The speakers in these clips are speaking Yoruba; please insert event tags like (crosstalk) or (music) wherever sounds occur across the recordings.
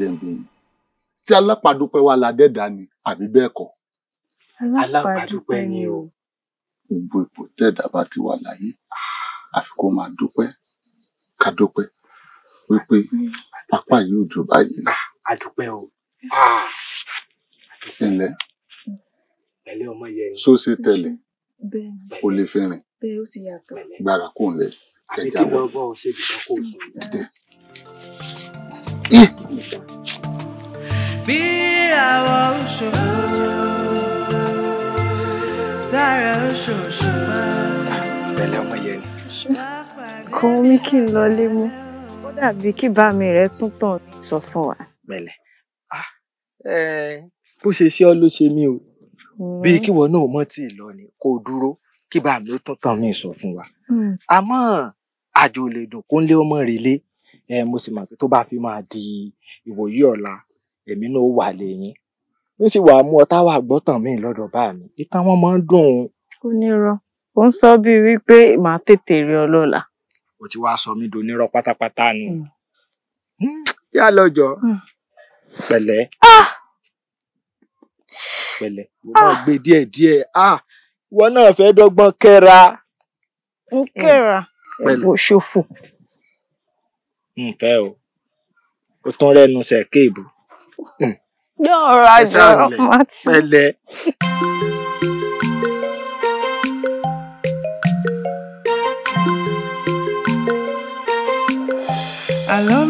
dẹ̀mbẹ̀ yìí tí alápàdúpẹ́ wa ládẹ́dà ni àbí bẹ́ẹ̀ kọ́. alápàdúpẹ́ ni o. gbogbo ipò tẹ́ẹ̀dá bá ti wà láyé àfi kó máa dúpẹ́ ká dúpẹ́ wípé apá yóò jò báyìí ni. o. ilẹ̀ ah! ah! pẹ̀lẹ́ ọmọ yẹn. só ṣe tẹ̀lé o lè fẹ́ rìn gbára kò ń lẹ̀ àfi kí lọ́gbọ́n ṣe bìkan kó sùn bí àwọ̀ òṣòro dára òṣòṣò. bẹ́lẹ̀ ọmọ yẹn ni. kò mí kí n lọ lé mú ó dàbí kí bàmí rẹ tún tàn ní sọ fún wa. bẹ́lẹ̀ ah, bó ṣe ṣe ọ́ ló ṣe mí o mm. bí kíwọ náà mọ̀ tí ì lọ ni kò dúró kí bàmí ó tún tàn ní sọ fún wa. Mm. àmọ́ àjò lè dùn kó ń lé ọmọ rẹ̀ lé mo sì mọ̀ pé tó bá fi máa di ìwòyí ọ̀la èmi náà wà lẹ́yìn ó sì wàá mú ọtá wà gbọ́tàn mí lọ́dọ̀ bá mi ìtàn wọn máa ń dùn. ó nírọ́ ó ń sọ bíi wípé màá tètè rí ọ lọ́la. o ti wá sọ mí donírọ́ pátápátá ni hmm. Hmm, yá lọ́jọ́ hmm. pẹ̀lẹ́ ah! pẹ̀lẹ́ mo máa ah! gbé díẹ̀díẹ̀ ah! ìwọ náà fẹ́ dọ́gbọ́n kẹ́ra. ń kẹ́ra ẹ̀bùn ṣòfò. um fẹ́ o ó não se sẹ̀ kéèbù. yóò rajà ọmọ tí.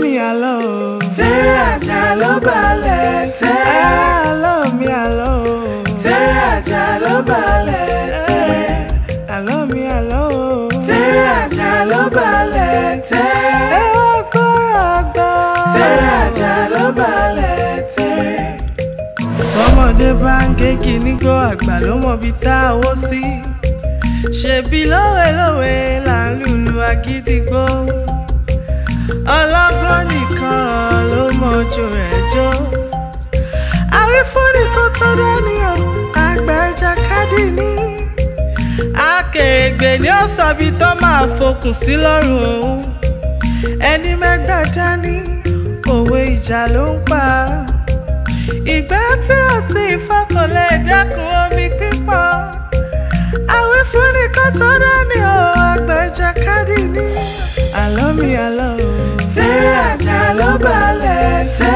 mi àlọ́ o. tẹ́rẹ̀ àjà ló balẹ̀ tẹ́rẹ̀. àlọ́ mi àlọ́ o. tẹ́rẹ̀ àjà ló mi ọmọdé bá ń gé kínní gbọ́ àgbà ló mọ̀ bí tá a wó sí. ṣèbí lówelówe là ń lùlù agídígbò. ọlọ́gbọ́n nìkan ló mọ̀jú rẹ̀ jó. àwífúnni kò tó dání o àgbà ìjàkadì ni. akèrègbè ni ó sọ ibi tó máa fokùn sí lọ́rùn òun. ẹni mẹ́gbàá dání òwe ìjà ló ń pa á ìgbà tí ó ti ìfọkànlẹ̀ dẹ́kun omi pípọ̀ àwífúnni kan tó dání o àgbẹ̀jẹ̀ kádì ní. àlọ́ mi àlọ́ o. tẹ́rẹ̀ àjà ló balẹ̀ tẹ́.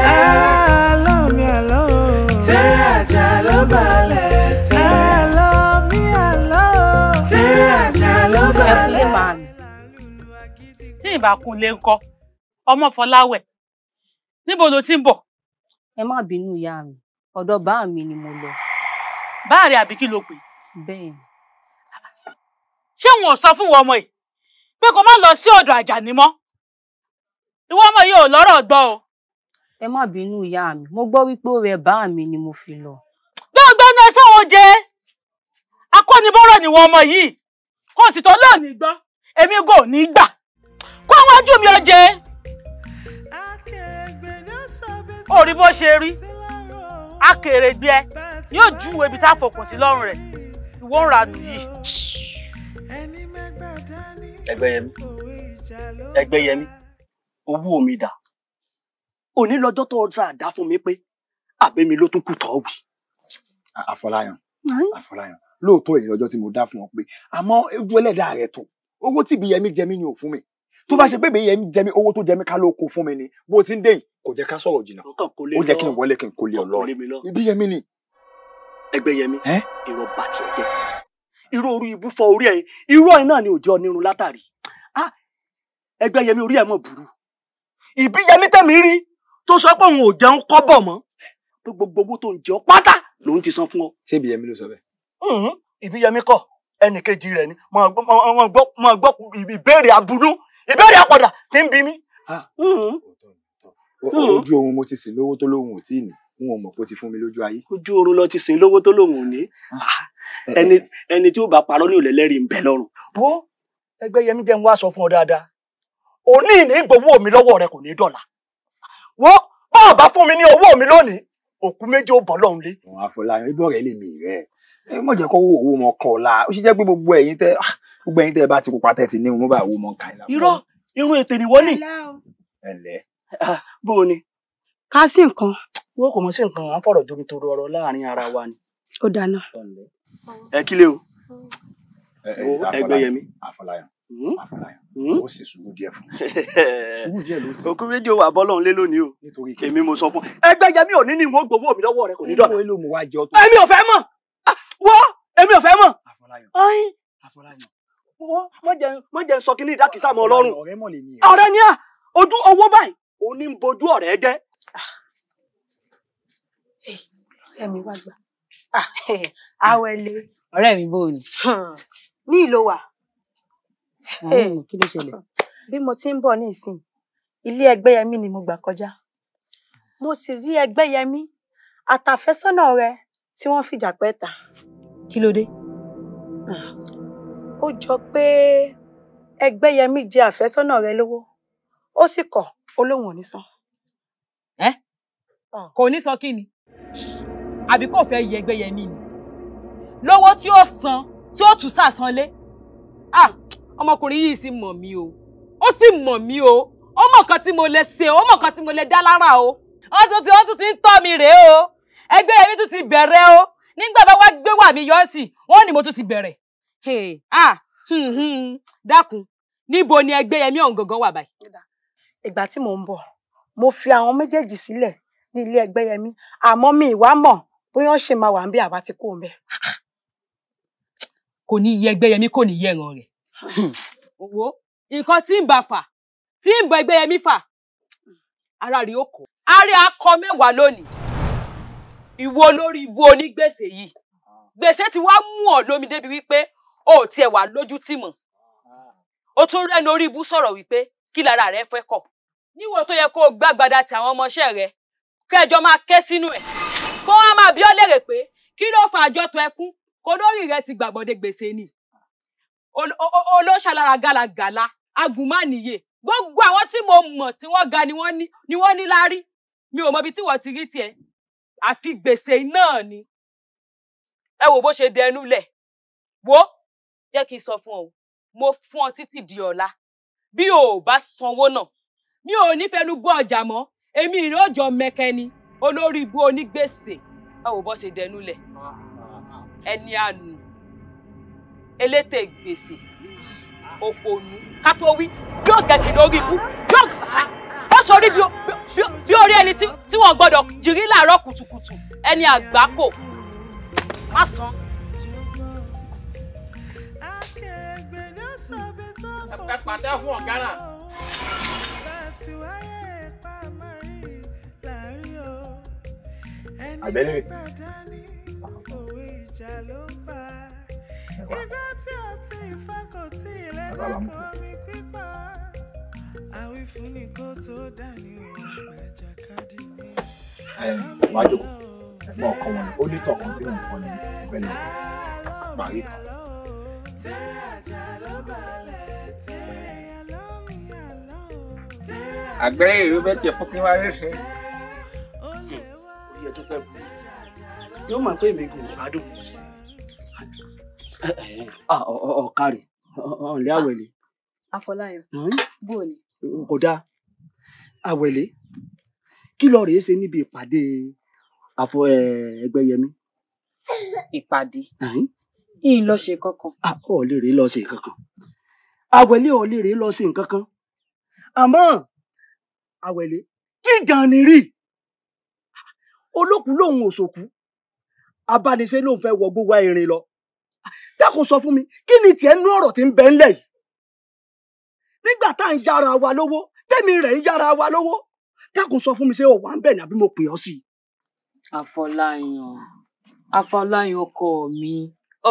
àlọ́ mi àlọ́ o. tẹ́rẹ̀ àjà ló balẹ̀ tẹ́. àlọ́ mi àlọ́ o. tẹ́rẹ̀ àjà ló balẹ̀ tẹ́. tí ìbá lè ń kọ́ ọmọ Fọláwẹ̀ níbo ló ti ń bọ̀ ẹ má bínú ìyá mi ọ̀dọ̀ bá mi ni mo lọ. báàrẹ̀ àbí kí ló pè. bẹ́ẹ̀ ni. ṣé wọn ò sọ fún wọn ọmọ yìí pé kó má lọ sí ọ̀dọ̀ àjàní mọ́ ìwọ ọmọ yìí ò lọ́rọ̀ gbọ́ o. ẹ má bínú ìyá mi mo gbọ́ wípé ó rẹ bá mi ni mo fi lọ. lọ́gbẹ́ ní ẹṣẹ́ wọn jẹ akọ́nibọ́rọ̀ ni wọn ọmọ yìí kò sì tọ́ lónìí gbọ́ èmi gò ní gbà kó wájú mi ọ jẹ́. orí bó ṣe rí akèrè gbé ẹ yóò júwe ibi tá a fòkùn sí lọ́rùn rẹ̀ ìwọ ń ranù yìí. ẹgbẹ́yẹmí ẹgbẹ́yẹmí owó mi dà òní lọ́jọ́ tó ọjà àdá fún mi pé àbẹ́mi ló tún kù tọ́ wì. àfọláyàn àfọláyàn lóòótọ́ èyí lọ́jọ́ tí mo dá fún ọ pé àmọ́ ojú ẹlẹ́dàá rẹ̀ tó owó tìbí yẹmí jẹ mí ni ò fún mi tó bá ṣe pé bèyẹ ń jẹ mi owó tó jẹ mi ká ló kó fún mi ni bó ti ń dé yìí kò jẹ́ ká sọ̀rọ̀ jìnnà ó jẹ́ kí n wọlé kí n kó lé ọ lọ ibi yẹmi ni. ẹgbẹ́ yẹmi irọ́ bá tiẹ̀ jẹ́ irú orí ibú fọ orí ẹ̀ irú ẹ̀ náà ni òjò onírun látàrí ẹgbẹ́ yẹmi orí ẹ̀ mọ̀ burú ìbí yẹmi tẹ̀mí rí tó sọ pé òun ò jẹun kọ́bọ̀ mọ́ pé gbogbo owó tó ń jẹun pátá lòun ti san fún ọ. ṣé ibi yẹmi ló sọ bẹ́ẹ̀. ibi yẹmi kọ ẹnì kejì rẹ ni mo gbọ́ ìbéèrè abunú ìbéèrè àpọ̀dà tí ń bi mí. Ah. Hmm. Hmm. ojú oorun mo ti sìn lówó tó lóhun ò tí ì ní n ò mọ̀ pé ó ti fún mi lójú ayé. ojú oorun lọ ti sìn lówó tó lóhun ò ní ah. Ah. Eh, eh. ẹni ẹni tí ó bá parọ́ ní òlẹ́lẹ́rìí ń bẹ lọ́rùn. wo ẹgbẹ́ yẹmi jẹ́ ń wá sọ fún ọ dáadáa òní ní gbowó mi lọ́wọ́ rẹ kò ní dọ̀là wo bá a bá fún mi ní owó mi lónìí òkú méjì ó bọ̀ lọ́hùn lé. àwọn afọláyàn ibọ̀ rẹ̀ lè mi rẹ̀ mọ̀jẹ̀ kọ́wọ́ owó wọn kọ̀ ọ̀la ó ṣe jẹ́ pé gbogbo ẹ̀yin tẹ́ gbogbo ẹ̀yin tẹ́ ẹ bá ti pupa tẹ́ ti ní mo bá wo mọ kàn láwọn. irọ́ irun ètè nìwọ ni. ẹ ǹlẹ́. Ah, bó o ni. ká sí nǹkan. wọ́n kò mọ̀ sí nǹkan à ń fọ̀rọ̀ jómi toro ọ̀rọ̀ láàrin ara wa ni. ó dáná. ẹ kílẹ̀ o. ẹgbẹ́ yẹmi. àfọláyàn àfọláyàn hmm? hmm? ó sì sùúrù díẹ̀ fún sùúrù (laughs) díẹ̀ ló sì. òkú méjì wà bọ́lọ̀ ńlẹ́ lónìí o nítorí èmi mo sọ fún ẹgbẹ́ yẹmi ò ní ní ìwọ̀n gbowó mi lọ́wọ́ rẹ kò ní dọ̀nà. èmi wọ́n mọ̀ jẹ́ sọ kínní ìdákìsá mọ́ ọlọ́run ọ̀rẹ́ ni à ojú owó báyìí òun ní ń bojú ọ̀rẹ́ jẹ́. ọ̀rẹ́ ah, mi wá gbà àwẹ̀ ah, lè. (laughs) ọ̀rẹ́ mi bò ní. Hmm. ní ìlò wà. Eh, kí ló ṣẹlẹ̀. bí mo ti ń bọ̀ ní ìsìn ilé Ẹgbẹ́yẹmí ni mo gbà kọjá mo sì rí Ẹgbẹ́yẹmí àtàfẹ́sọ́nà rẹ̀ tí wọ́n fìjà pẹ́ ta. kí ló dé. Ah ó jọ pé ẹgbẹ́yẹmí jẹ àfẹ́sọ́nà rẹ lówó ó sì kọ̀ ó lóun ò ní san. ẹ kò ní sọ kí ni àbí kò fẹ́ yẹ ẹgbẹ́yẹmí ni lówó tí ó san tí ó tún sàsanlé ọmọkùnrin yìí sì mọ̀ mí o ó sì mọ̀ mí o ó mọ̀ nǹkan tí mo lè ṣe ó mọ̀ nǹkan tí mo lè dá lára o ó tún ti ó tún ti ń tọ́ mi rèé o ẹgbẹ́yẹmí tún ti bẹ̀rẹ̀ o nígbà bá wá gbé wà mí yọ sí wọn ni mo tún ti bẹ̀rẹ̀. Ah, hmm, hmm, dákun níbo ni Ẹgbẹ́yẹmí ọ̀hún gangan wà báyìí. ìgbà tí mò ń bọ̀ mo fi àwọn méjèèjì sílẹ̀ ní ilé Ẹgbẹ́yẹmí àmọ́ mi ìwà mọ̀ bóyá ó ṣe máa wà ń bí àbá ti kú òun bẹ́ẹ̀. kò ní yẹ Ẹgbẹ́yẹmí kò ní yẹ ẹ̀ràn rẹ̀. Hmm. wo nǹkan tí ń bá fà tí ń bọ Ẹgbẹ́yẹmí fà ara rí òkò. ará akọ mẹ́wàá lónìí ìwọ lórí ibu onígbèsè yìí gbèsè ti wá mú ọ lómi débi wípé o tiẹ̀ wà lójú tì mọ́ o tún rẹ́nu orí ibú sọ̀rọ̀ wípé kí lára rẹ fẹ́ kọ̀ níwò tó yẹ kó o gbàgbàdà ti àwọn ọmọọṣẹ́ rẹ kẹjọ máa ké sínú ẹ̀ kó wọn máa bi ọ́ léèrè pé kí ló fa àjọtọ̀ ẹkún kó lórí rẹ ti gbàgbọ́dé gbèsè ni olóṣàlára gàlagàla agùnmánìyè gbogbo àwọn tí mo mọ̀ tí wọ́n ga ni wọ́n ní láárí mi ò mọbi tí wọ́n ti rí tiẹ̀ àfi gbèsè náà ni ẹ wò bó ṣe dẹnu lẹ̀ wo jẹ́ kí n sọ fún ọ mo fún ọ títí di ọ̀la bí o ò bá sanwó náà mi ò ní fẹnu gbọ́ ọjà mọ́ èmi ìrìn òjò mẹkẹni olórí ibu onígbèsè a ò bọ́ ṣe dẹnulẹ̀ ẹni àánú elétè gbèsè òpònú kátó wí yóò gẹ̀gì lórí ibu yóò ó sọrí bí orí ẹni tí wọ́n gbọ́dọ̀ jírí láàárọ̀ kùtùkùtù ẹni àgbákò má san. ẹ pàdé fún ọ̀gá náà. àbẹ̀lẹ̀ ìgbà tí ọtí ìfakọtí rẹ lọkọ mi pípa àwífún ni kò tó dání òun gbàjàkadì mi. ẹ wá jókòó ọkọ wọn ni ní tọkàn tí wọn kọ ní ìbẹ̀lẹ̀ parí tán. tẹ́lẹ̀ àjà ló balẹ̀ àgbẹ̀rẹ̀ ìlú bẹ́ẹ̀ tiẹ̀ fún kí wọ́n rí sí. oyè tó pẹ́ bù yóò máa pé èmi kò gbádùn. Ah, ọ̀kàrẹ̀ ọ̀nlẹ́ ah, àwẹ̀lẹ̀. Afọláyọ̀ hmm? bó ni. kò dáa àwẹ̀lẹ̀ kí ló rèé ṣe níbi ìpàdé àfọ ẹgbẹ́yẹmí. ìpàdé hmm? ìlọṣe kankan. Ah, ọ̀ lè rèé lọ́ọ́ ṣe kankan àwẹ̀lé ò lè rè lọ sí nǹkan kan àmọ́ àwẹ̀lé gígan ni rí olókùú lòun ò sòkú abániṣe lòun fẹ́ wọ gbogbo irin lọ dákun sọ fún mi kí ni tiẹ̀ nú ọ̀rọ̀ tí ń bẹ ńlẹ̀ yìí nígbà tá à ń yára wa lówó tẹ́mi rẹ̀ ń yára wa lówó dákun sọ fún mi ṣé ọ̀wá ń bẹ̀ nàbí mo pè ọ́ sí i. àfọláyàn àfọláyàn ọkọ mi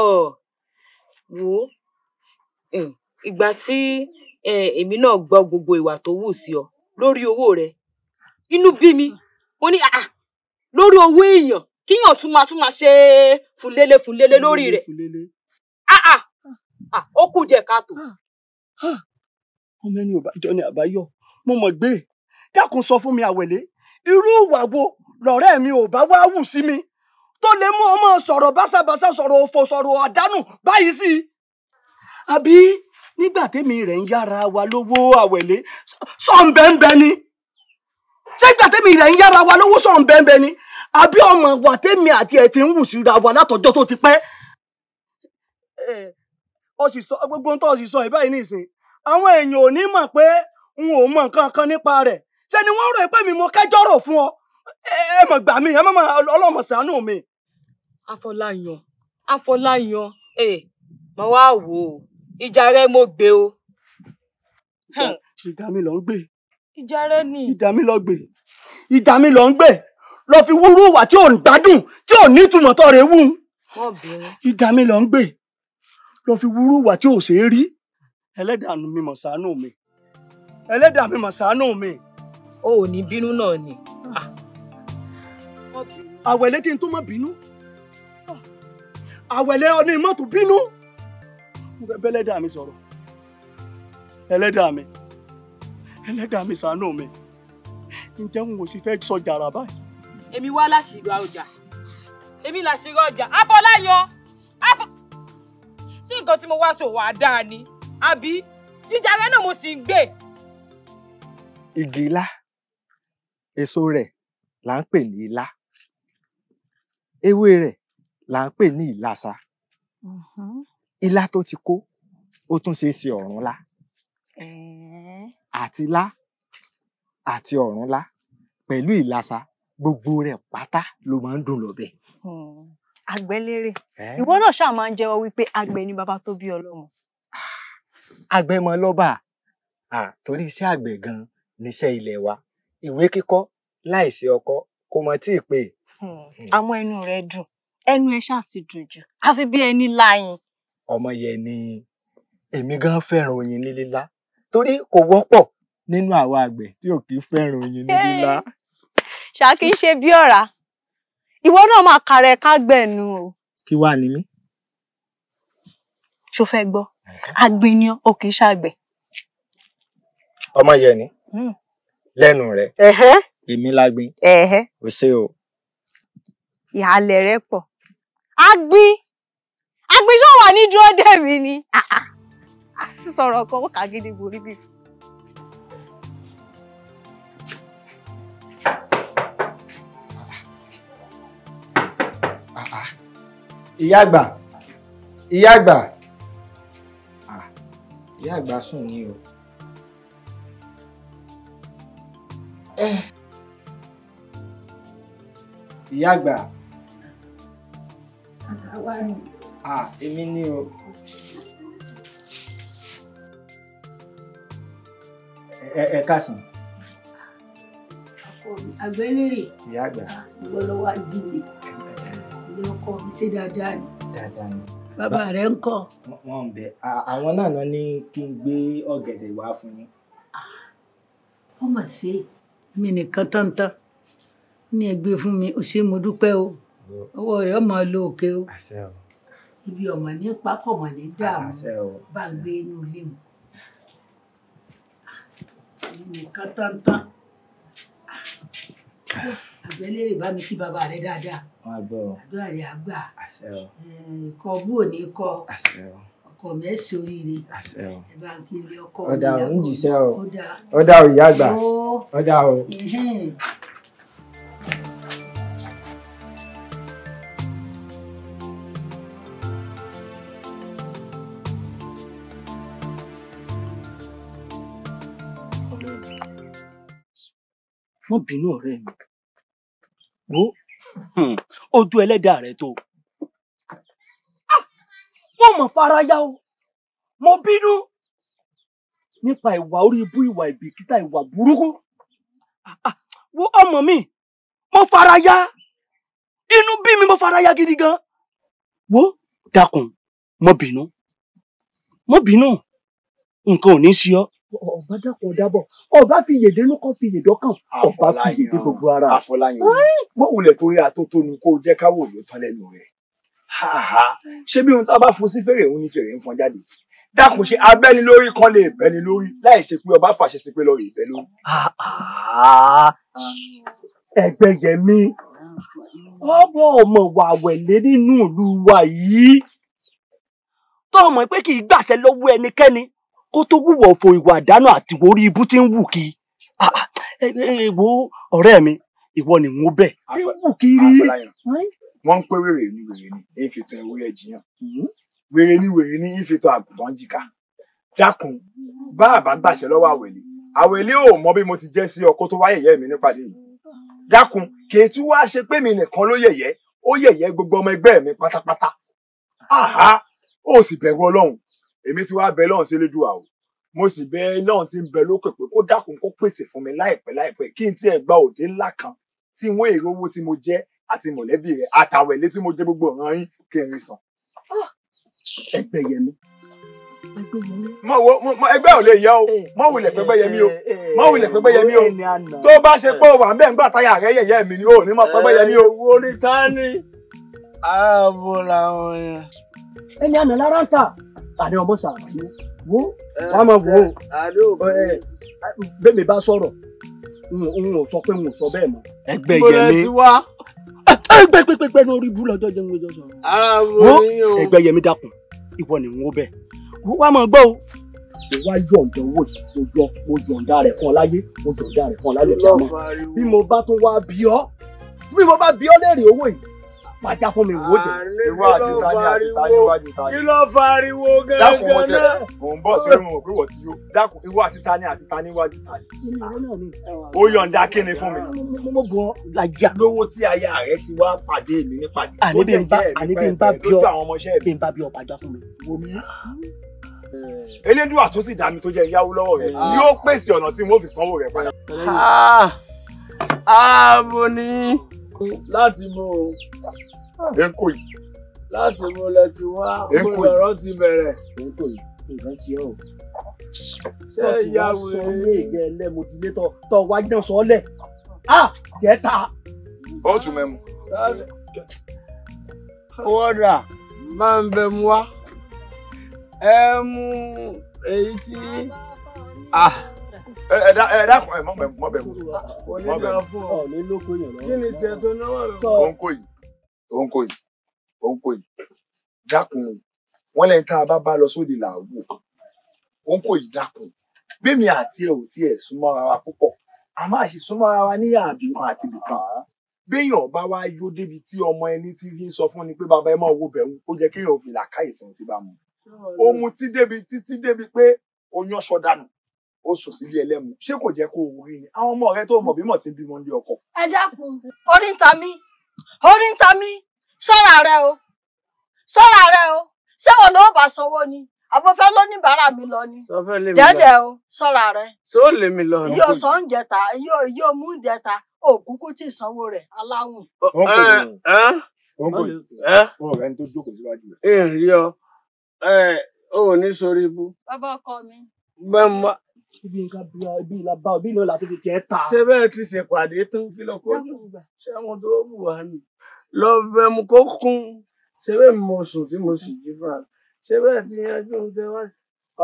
ọ wo. Eh ìgbà tí èmi náà gbọ́ gbogbo ìwà tó wù sí ọ lórí owó rẹ inú bí mi mo ní àà ah, lórí owó èèyàn kíyàn tún máa tún máa ṣe fúnlélé fúnlélé lórí rẹ àà ah, ah, ó kù jẹ káàtó. ọmọ ẹni òbájọ ni àbáyọ mo mọ̀ gbé dákun sọ fún mi àwẹ̀lé irú ìwà wo lọ̀rẹ́ mi ò bá wá wù sí mi tó lè mú ọmọ sọ̀rọ̀ báṣabàṣa sọ̀rọ̀ òfò sọ̀rọ̀ àdánù báyìí sí i àbí nígbà tẹ́mi rẹ̀ ń yára wa lówó àwẹ̀lé sọ̀nbẹ́nbẹ́ ni sẹ́gbà tẹ́mi rẹ̀ ń yára wa lówó sọ̀nbẹ́nbẹ́ ni àbí ọmọ wa tẹ́mi àti ẹ̀ ti ń wù wa látọjọ́ tó ti pẹ́ gbogbo ohun tó ọ sì sọ ìbáyìí nìsín àwọn èèyàn ò ní mọ̀ pé n ò mọ̀ nǹkan kan nípa rẹ̀ ṣe ni wọ́n rò pé mi mo kẹ́jọ́ fún ọ ẹ mọ̀ gbà mí ẹ mọ̀ ọlọ́mọ ṣàánú mi. ẹ mọ wá wò ó ìjà rẹ mo gbé o. ìjà mi lọ ń gbé. ìjà rẹ ni. ìjà mi lọ gbé. ìjà mi lọ ń gbé lọ fi wúrú wà tí ò ń gbádùn tí ò ní ìtumọ̀ tọ́ rẹ wù. ìjà mi lọ ń gbé lọ fi wúrú wà tí ò ṣe é rí ẹlẹ́dàá mi mọ̀ ṣàánú mi ẹlẹ́dàá mi mọ̀ ṣàánú mi. o ò ní bínú náà ni. Ah. àwẹ̀lẹ́ kí n tó má bínú ah. àwẹ̀lẹ́ ọ ní mọ́tò bínú mo fẹ́ bẹ́lẹ́dà mi sọ̀rọ̀ ẹlẹ́dà mi ẹlẹ́dà mi ṣàánú mi ǹjẹ́ n ò sì fẹ́ sọ jàrà báyìí. èmi wá láṣìírí ọjà èmi láṣìírí ọjà afọláyọ afọ ṣé nǹkan tí mo wá ṣòwò àdáa ni àbí ìjà rẹ náà mo sì ń gbé. igi ilá èso rẹ̀ là ń pè ní ilá ewé rẹ̀ là ń pè ní ìlàsà. Uh-huh. Mm-hmm ilá tó ti kó ó tún ṣe é ṣe ọ̀rùn lá àti lá àti ọ̀rùn lá pẹ̀lú ìlasa gbogbo rẹ̀ pátá ló máa ń dùn lọ́bẹ̀. Hmm. àgbẹ̀ lérè ìwọ náà ṣáà máa ń jẹ́wọ́ wípé àgbẹ̀ ni bàbá tó bí ọlọ́mọ. Ah, àgbẹ̀ mọ lọ́ba torí iṣẹ́ àgbẹ̀ gan-an níṣẹ́ ilé wa ìwé kíkọ́ láìsí ọkọ́ kò mọ̀ tí ì pé. àmọ́ hmm. hmm. ẹnu rẹ dùn ẹnu ẹ ṣáà ti dùn jù àfi bí ẹni láyìn. Ọmọyẹlé èmi gan fẹ́ràn oyin ní lílá torí kò wọ́pọ̀ nínú àwa àgbẹ̀ tí ò kí fẹ́ràn oyin ní lílá. Ṣàkí ṣe bí ọ̀rá ìwọ náà máa kàrẹ kágbẹ̀nu o. Kí wàá ni mí? Ṣo fẹ́ gbọ́? Àgbìn ni o kì í ṣàgbẹ̀. Ọmọyẹlé hmm. lẹ́nu rẹ̀ èmi lágbìn. Kò ṣe o. Ìhàlẹ̀ rẹ pọ̀. Àgbìn agbẹjọ́ wà ní dúró dè mí ni ah, ah. a sì sọ̀rọ̀ ọkọ̀ wọ́n kàgídí borí bí. Ah, ìyá àgbà ìyá àgbà ìyá àgbà sùn ni o. Eh. ìyá àgbà. àgbà Emi ah, ni o. Ẹ káàsán. Àgbélérè. Ìyá àgbà. Ah, Ìgbọ́lọ́wọ́ ajílè. Ilé ọkọ mi ṣe dáadáa ni. ni. baba bẹ. Àwọn náà náà ní kí n gbé ọ̀gẹ̀dẹ̀ wá fún yín. Ah, wọ́n mọ̀ sí mi nìkan tántán ní ẹgbẹ́ fun mi. o mo o. o. ibi ọmọ ní pákọ̀mọ̀ ní dààmú bá ń gbé inú ilé mu ah, nìkan tántán ah, àbẹ́lẹ́ rè bá mi kí bàbá rẹ dáadáa àdúrà rẹ àgbà eh, ikọ̀ bú òní kọ ọkọ mi ẹ ṣoríire ẹ bá ń kí ilé ọkọ mi ọdà ò ń jìṣẹ́ o ọdà ò ìyá àgbà ọdà ò. wọn bínú ọ̀rẹ́ mi wo hmm. ojú ẹlẹ́dàá rẹ tó wọn ah! mọ faraya o mo bínú nípa ìwà orí ibú ìwà ìbìkítà ìwà burúkú ah, ah, wo ọmọ mi mo faraya inú bí mi mo faraya gidi gan wo dákun mo bínú mo bínú nǹkan ò ní sí ọ ọba dàpọ̀ dábọ̀ ọba fi yèdè ló kọ́ fi yèdè ọkàn ọba fi yèdè gbogbo ara. àfọláyàn wọ́n wulẹ̀ torí atótónu kó o jẹ́ káwọ́ òye tán lẹ́nu rẹ̀ ṣé bí ohun tá a bá fún sí fèrè òun ni fèrè ń fọn jáde dákun ṣe abẹ́ni lórí kan lè bẹ́ni lórí láì ṣe pé ọba fàṣẹ sí pé lọ rè bẹ́ lórí. ẹgbẹ́ yẹmi ọ̀rọ̀ ọmọ wàwẹ̀lé nínú ìlú wa yìí tọ́ ọmọ pé kì í gbàṣẹ lọ́wọ́ ẹnikẹ́ni kó tó wúwọ̀ fo ìwà àdánù àti orí ibú tí ń wù kí ah, ah, wo ọ̀rẹ́ mi ìwọ ni wọ́n bẹ̀ tí ń wù kí rí. wọ́n ń pé wèrè ni wèrè ni èyí fi tan ewúrẹ́ jiyàn wèrè ni wèrè ni èyí fi tan àgùntàn jìkà dákun bá àbá gbàṣẹ lọ́wọ́ àwẹ̀lé àwẹ̀lé ò mọ bí mo ti jẹ́ sí ọkọ tó wáyé yẹ́ mi nípàdé yìí dákun kèétí wá ṣe pé mi nìkan ló yẹ̀yẹ́ ó yẹ̀yẹ́ gbogbo ọmọ ẹgbẹ́ mi pátápátá àhá ó sì bẹ̀rù ọlọ́run èmi ti wá bẹ lọ́hùn sí Elédùà o mo sì bẹ lọ́hùn tí ń bẹ lókè pé kó dákun kó pèsè fún mi láìpẹ́ láìpẹ́ kí n tiẹ̀ gba òde ńlá kan tí wọ́n èrò owó tí mo jẹ́ àti mọ̀lẹ́bí rẹ̀ àtàwẹ̀lé tí mo jẹ́ gbogbo ọ̀ràn yín kí n rí san. ẹgbẹ́ yẹmi. mo wo mo ẹgbẹ́ ò lè yẹ o eh, mo wulẹ̀ pẹ́pẹ́ yẹmi o eh, eh, mo wulẹ̀ pẹ́pẹ́ yẹmi o tó bá ṣe pé o wà ń bẹ̀ ń gbà táyà rẹ yẹ̀yẹ́ mi ni o ò ní mọ̀ pẹ́pẹ́ yẹmi o. orí ká ní ààbò làwọn yẹn. ẹni àná lára ń ta àní ọmọ sàmì wo wà á máa wò ó bẹ́ẹ̀ mi bá sọ̀rọ̀ n ò sọ pé n ò sọ bẹ́ẹ̀ mọ́. ẹgbẹ́ yẹmi ẹgbẹ́gbẹ́gbẹ́ ní orí búlọ̀ ọjọ́ jẹun lójọ́ sọ̀rọ̀. wo ẹgbẹ́ yẹmi dákun ìwọ ni n wo bẹ́ẹ̀ wà á máa gbọ́ o. mo wá yọ̀ǹda owó yìí mo yọ̀ǹda rẹ̀ fún ọ láyé mo yọ̀ǹda rẹ̀ fún ọ láyé ọjà mọ́ bí mo bá tún wá bí ọ bí mo bá bí ọ léèrè owó yìí pàjá fún mi wò dé. ìwọ àti tani àti tani wájú tani. kí ló fariwo gángan náà. dákun wọn tẹ mò ń bọ̀ torí mo mọ̀ wọ́n ti yó. dákun ìwọ àti tani àti tani wájú tani. ó yọ̀ǹda kíni fún mi. mo bọ̀ lajà. lówó tí aya rẹ ti wá pàdé mi ní pàdé. àní bí n bá bí ọ bí n bá bí ọ pàjá fún mi. wo mi ah. eh. elédùà tó sì tó jẹ́ yáwó lọ́wọ́ rẹ̀ ah. yóò pèsè ọ̀nà tí wọ́n fi sanwó rẹ̀ padà. ààbò ah. ni láti mú o èkó yìí. láti mú lẹ ti wá mú lọ́rọ̀ ti bẹ̀rẹ̀. èkó yìí nǹkan ti ọ ṣe ìyá wèrè sọ ní èdè ẹlẹ́mọ̀dílé tó wá jẹ́ sọ lẹ̀ á jẹ́ ta. ó tún mẹ́mu. wọ́dà máa ń bẹ mu wá ẹ mú èyí tí ẹ̀dá ẹ̀dá kan ẹ̀ mọ̀ bẹ̀ mọ̀ bẹ̀ mọ̀ bẹ̀ kí ni tiẹ̀ tó náwó rẹ̀. òun kò yìí òun kò yìí òun kò yìí dákun wọn lẹ́yìn tá a bá bá lọ sóde làwọ òun kò yìí dákun bẹ́ẹ̀mi àti ẹ̀ ò tiẹ̀ súnmọ́ ara wa púpọ̀ a máa ṣe súnmọ́ ara wa ní àbí kan àti ibì kan béèyàn bá wá yó débi tí ọmọ ẹni tí fi ń sọ fún ni pé bàbá ẹ máa wo bẹ̀rù ó jẹ́ kéèyàn fi làákà ìsìn tí bá mu ó mu débi títí débi pé oyún ọṣọ dànù ó sùn sílé ẹlẹ́mu ṣé kò jẹ́ kó o rí ni àwọn ọmọ rẹ tó mọ̀ bímọ ti bímọ ní ọkọ. ẹ dákun orí ń orí ń ta mí sọ́ra rẹ o sọ́ra rẹ o ṣé wọn ló bá sanwó ni àbọ̀fẹ́ ló ní bàárà mi lọ ni jẹ́jẹ́ o sọ́ra rẹ. tó lè mi lọ ni. yóò sọ ń jẹta yóò mú ń jẹta òkúkú tí ìsanwó rẹ aláwùn. wọn kò rẹ ní tó jókòó síwájú rẹ. èrè ọ ò ní sórí ibú. bàbá ọkọ mi. bẹ́ẹ̀ ma ibi nǹkan bíi ibi ìlàbà òbí ìlú ọ̀la fi kẹ́ ta. ṣé bẹ́ẹ̀ ti ṣèpàdé tán kí lọ kọjú ṣẹ́wọ̀n tó wù wá nù lọ bẹ mu kó kún ṣé bẹ́ẹ̀ mo sùn tí mo sì jí fún wa ṣé bẹ́ẹ̀ ti yanjú ohun wá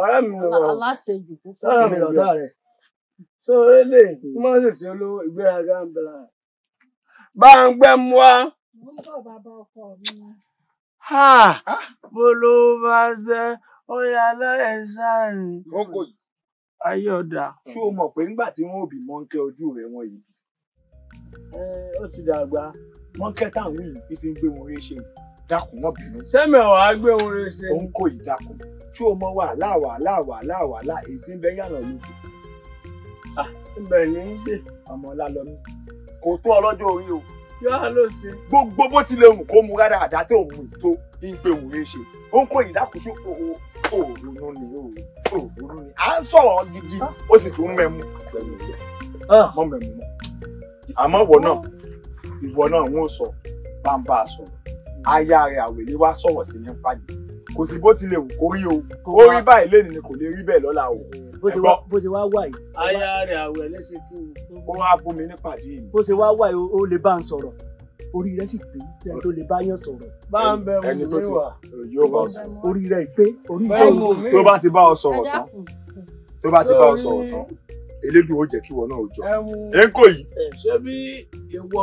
ọ̀rẹ́ mi wọ̀ aláṣejù púpọ̀ ọ̀rẹ́ mi lọ́dọ̀ rẹ̀ tó rẹ́ lè má sì sí olówó ìgbéraga ń bẹ̀rẹ̀ bá ń gbẹ́ mu wá. mo ń bọ̀ bàbá ọkọ mi. ha bolo ayé ọ̀dà. ṣé o mọ̀ pé ńgbà tí wọ́n ò bí mọ́ńkẹ́ ojú rẹ̀ wọ́n yìí bí. ẹ ó ti dàgbà mọ́ńkẹ́ táwọn yìí bí ti ń gbé wọn rí ṣe dákun wọn bínú. sẹ́mi ọ̀wá gbé wọn rí ṣe. òun kò yìí dákun ṣé o mọ wàhálà wàhálà wàhálà wàhálà èyí tí ń bẹ yànnà lójú. ibẹ̀ ni ń gbé. ọmọ ọlá lọ mí kò tó ọlọ́jọ́ orí o. yóò ló ṣe. gbogbo bó tilẹ̀ hùn kó mu rárá àdá òòrùn ni òòrùn ni à ń sọ̀rọ̀ gidi ó sì tún mẹ́mu pẹ̀lú ilẹ̀ ah. mọ́ mẹ́mu mọ́ àmọ́ ìwọ náà ìwọ náà ń sọ bá ń bá a sọ̀rọ̀ aya rẹ̀ àwèlé wá sọ̀rọ̀ sí ní pàdé kò sí bó tilẹ̀ wù kó rí o kó rí báyìí lénìí ni kò lè rí bẹ́ẹ̀ lọ́la o. bó ṣe wá wà yìí. aya rẹ̀ àwẹ̀ lẹ́sẹ̀ kí o. ó wá bú mi nípàdé yìí. bó ṣe wá wà yìí o lè bá ń sọ̀rọ̀ orí rẹ sì pé kí ẹ tó lè bá yàn sọ̀rọ̀. bá ń bẹ ẹni tó ti yóò bá ọ sọ̀rọ̀. orí rẹ pé orí rẹ tó bá ti bá ọ sọ̀rọ̀ tán tó bá ti bá ọ sọ̀rọ̀ tán elédùn ó jẹ́ kí ìwọ náà ó jọ. ẹ ń kò yìí. ṣé bí ìwọ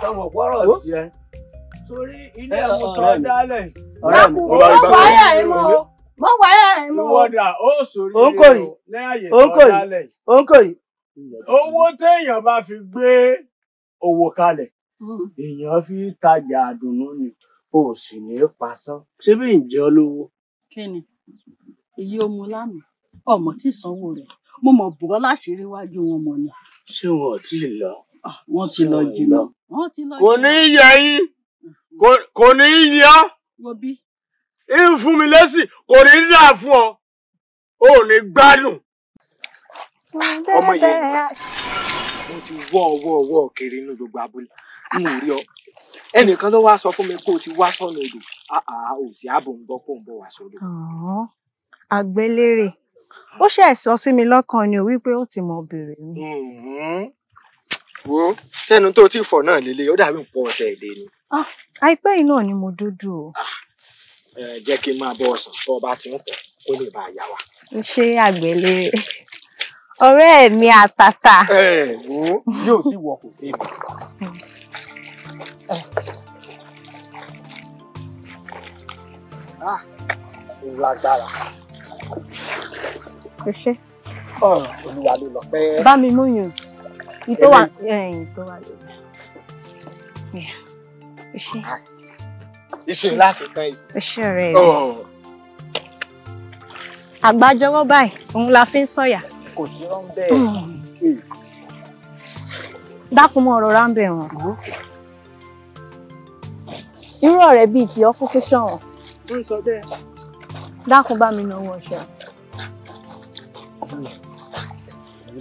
sọmọ gbọ́rọ̀ tiẹ̀ sórí ilé ẹ̀wọ̀n tó dálẹ̀. ọ̀rẹ́ mi ó bá rí bá mo wà á rẹ̀ mọ́. ìwọ́dà ó sòrí rẹ̀ o ní àyè tó dálẹ̀. owó téèyàn bá fi gbé òwò kalẹ̀ Hmm. èèyàn fi tajà àdùnnú ni o sì ní í pasán ṣébí ǹjẹ́ olówó. kí ni èyí ó mu lánàá ọmọ tí ìsanwó rẹ mo mọ bùrọ láṣìírí iwájú wọn mọ ni. ṣé wọn ò tí ì lọ. Ah, wọn ti lọ jùlọ. kò ní í yẹ yín kò ní í yẹ ọ. robi. ń fún mi lẹ́sìn kò ní í dà fún ọ ò ní gbádùn. ọmọ yẹn mo ti wọ́ ọwọ́ ọwọ́ kiri inú gbogbo abúlé n ò rí ọ ẹnìkan ló wá sọ fún mi pé o ti wá sọnù odò àà ò sí ààbò ń gbọ pé òun bọ wá sódò. àgbélére ó ṣe sọ sí mi lọ́kàn ni wípé ó ti mọ bèrè mi. Mm-hmm. wo sẹ́nu tó ti fọ̀ náà lélẹ̀ ó dàbí nǹkan ọ̀sẹ̀ èdè ni. Ah, àìpẹ́ yìí náà ni mo dúdú o. Ah, jẹ́ kí n máa bọ́ ọ̀sán tó o bá ti ń pọ̀ kó lè bá a yá wa. ṣé àgbélére ọ̀rẹ́ mi àtàtà. ẹ wo yóò sì wọ kò sí. Ah, lágbára. kò ṣe. ọ̀rọ̀ olúwa ló lọ pẹ́. bá mi mú yàn ìtò wà ẹ̀yìn tó wà lórí. kò ah, ṣe. iṣẹ́ láti tán yìí. kò ṣe ọ̀rẹ́ mi. àgbájọwọ́ báyìí òun la fi ń sọ̀yà kò sí rán bẹ́ẹ̀. Hmm. dákun mọ ọ̀rọ̀ ráńbẹ wọn irú ọ̀rẹ́ bíi ti ọkọ kó ṣọwọn. ó ń sọ bẹ́ẹ̀. dákun bá mi náwó ọṣẹ.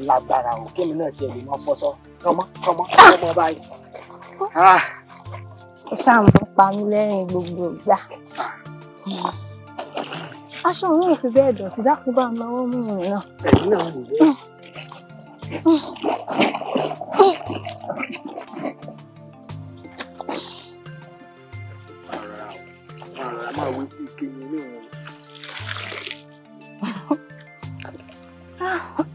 lágbára o kí mi náà tiẹ̀ lè máa fọṣọ kọ́mọ́ kọ́mọ́ kọ́mọ́ báyìí. Ah! ó ṣàmúpa mi lẹ́rìn gbogbo ìgbà. Ah! aṣọ òun ò fi bẹ́ẹ̀ dọ̀tí dákun bá mi ọwọ́ mú un náà. ẹ̀yin náà wò bẹ́ẹ̀.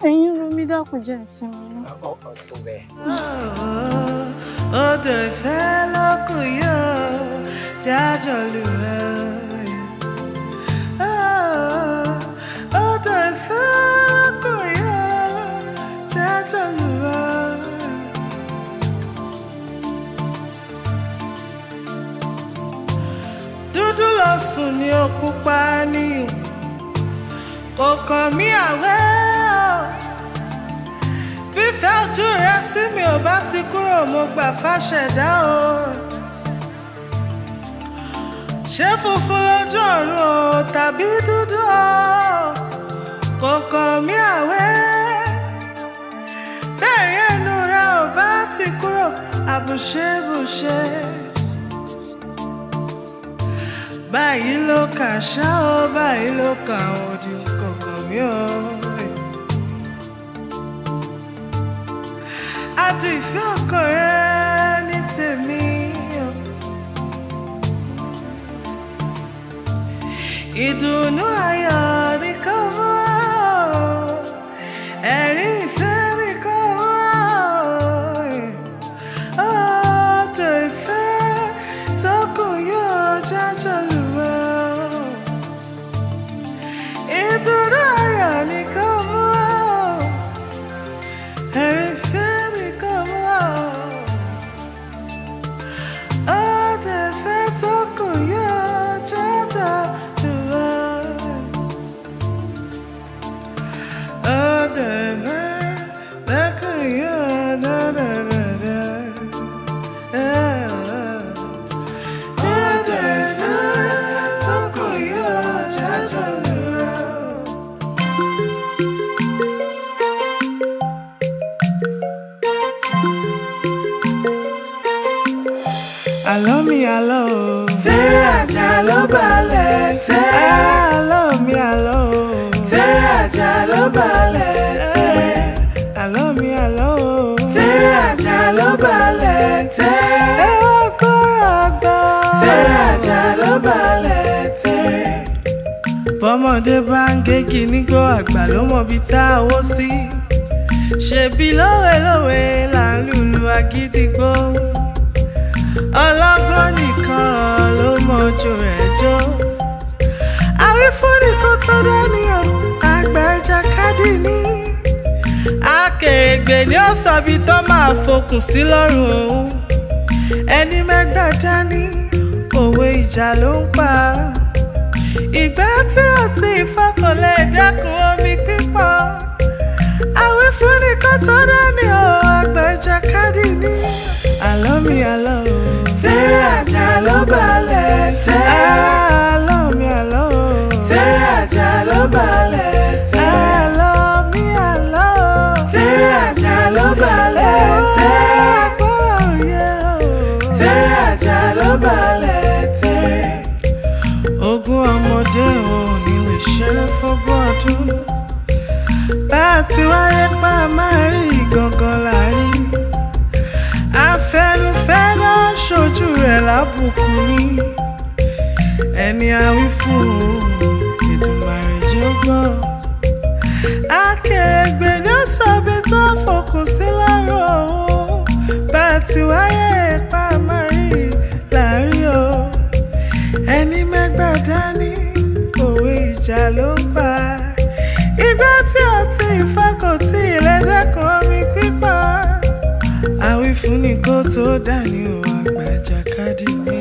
ẹ̀yin ló mi dákun jẹ́ ìsinmi náà. ọ̀tún bẹ́ẹ̀. odò ìfẹ́ pa ni kò kàn mí àwẹ́ o fífẹ́ ojú rẹ sí mi ò bá ti kúrò mo gbà fàṣẹdá o ṣé funfun lójú ọ̀run o tàbí dúdú o kò kàn àwẹ́ bẹ́ẹ̀ rí ẹnu rẹ ò bá ti kúrò àbùṣebùṣe báyìí ló kà ṣá o báyìí ló kà òdì kọ̀ọ̀kan mi o. àti ìfẹ́ ọkọ ní tèmi o. ìdùnnú ayọ̀ ní kọ́ mọ́ ẹ̀rí. bọ́mọdé bá ń gégi nígbó àgbà ló mọ̀ bí tá a wó sí ṣèbí lówelówe là ń lùlù agídígbò ọlọ́gbọ́n nìkan ló mọ ojú rẹ̀ jó àwífúnni kò tó dánìyàn àgbà ẹja kádì ní akèrègbè ni ó sọ bí tó máa fokùn sí lọ́rùn òun ẹni mẹ́gbàá dání òwe ìjà ló ń pa á ìgbà tí ó ti fọkànlẹ̀ dẹ́kun omi pípọ̀ àwífúnni kan tó dání o àgbẹ̀jẹ̀ kádì ní. àlọ́ mi àlọ́ o. tẹ́rẹ̀ àjà ló balẹ̀ tẹ́rẹ̀. àlọ́ mi àlọ́ o. tẹ́rẹ̀ àjà ló balẹ̀. fún ni kó tó dání o àgbà jàkadì mi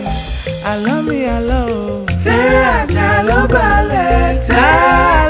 àlọ́ mi àlọ́ o. tẹ́rẹ̀ àjà ló balẹ̀ tẹ́rẹ̀.